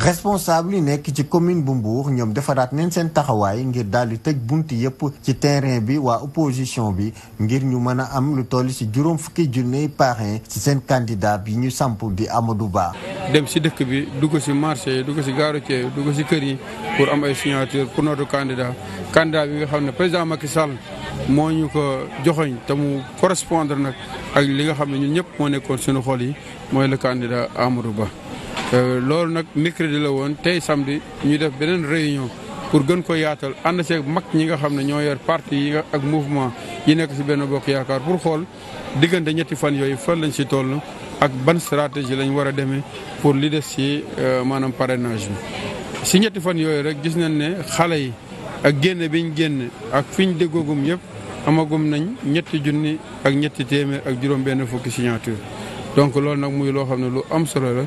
responsable yi nekk ci commune bu Mbour ñoom defaraat neen seen taxawaay ngir daal di tëj bunt yëpp ci terrain bi waa opposition bi ngir ñu mën a am lu toll si juróom fukki junni parrain si seen candidat bi ñu samp di Amadou Ba. dem si dëkk bi dugg si marché yi dugg si gaaru ceeb dugg si kër yi pour am ay signature pour notre candidat candidat bi nga xam ne président Macky Sall moo ñu ko joxoñ te mu correspondre nag ak li nga xam ne ñun ñëpp moo nekkoon suñu xol yi mooy le candidat Amadou Ba. Euh, loolu nag mercredi la woon tey samedi ñu def beneen réunion pour gën ko yaatal ànd seeg mag ñi nga xam ne ñoo yor parti yi ak mouvement yi nekk si benn bokk yaakaar pour xool diggante ñetti fan yooyu fan lañ si toll ak ban stratégie lañ war a demee pour li des si euh, maanaam parrainage bi. si ñetti fan yooyu rek gis nañ ne xale yi ak génn biñ génn ak fiñ déggoogum yëpp. amagum nañ ñetti junni ak ñetti téeméer ak juróom-benn fukki signature donc loolu nag muy loo xam ne lu am solo la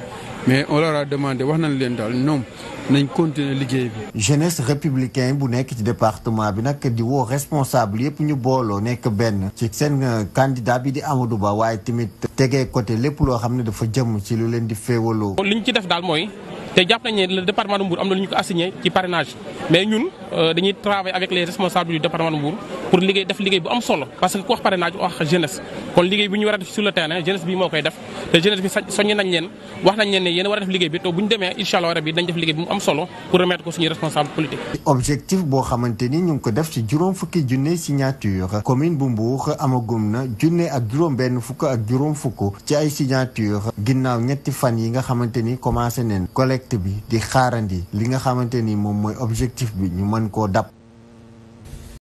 mais on a demandé wax nañ leen daal ñoom nañ continuer liggéey bi. jeunesse républicain bu nekk ci département bi nag di woo responsable yëpp ñu booloo nekk benn. ci seen euh, candidat bi di Amadou Ba waaye tamit tegee côté lépp loo xam ne dafa jëm ci lu leen di féewaloo. liñ ci def daal mooy. te jàpp nañ ne le département de Mbour am na lu ñu ko assigné ci parrainage mais ñun euh, dañuy travailler avec les responsables du département de pour liggéey def liggéey bu am solo parce que ku wax parrainage wax jeunesse kon liggéey bi ñu war a def sur jeunesse bi moo koy def te jeunesse bi soññ nañ leen wax nañ leen ne yéen war a def liggéey bi te bu demee incha allah rabi dañ def liggéey bi mu am solo pour remettre ko suñuy responsable politique. objectif boo xamante ni ñu ngi ko def ci juróom fukki junne signature commune bu Mbour amagum na junne ak juróom benn fukk ak juróom fukk ci ay signature ginnaaw ñetti fan yi nga xamante ni commencé neen collecte bi di xaarandi li nga xamante ni moom mooy objectif bi ñu mën koo dab.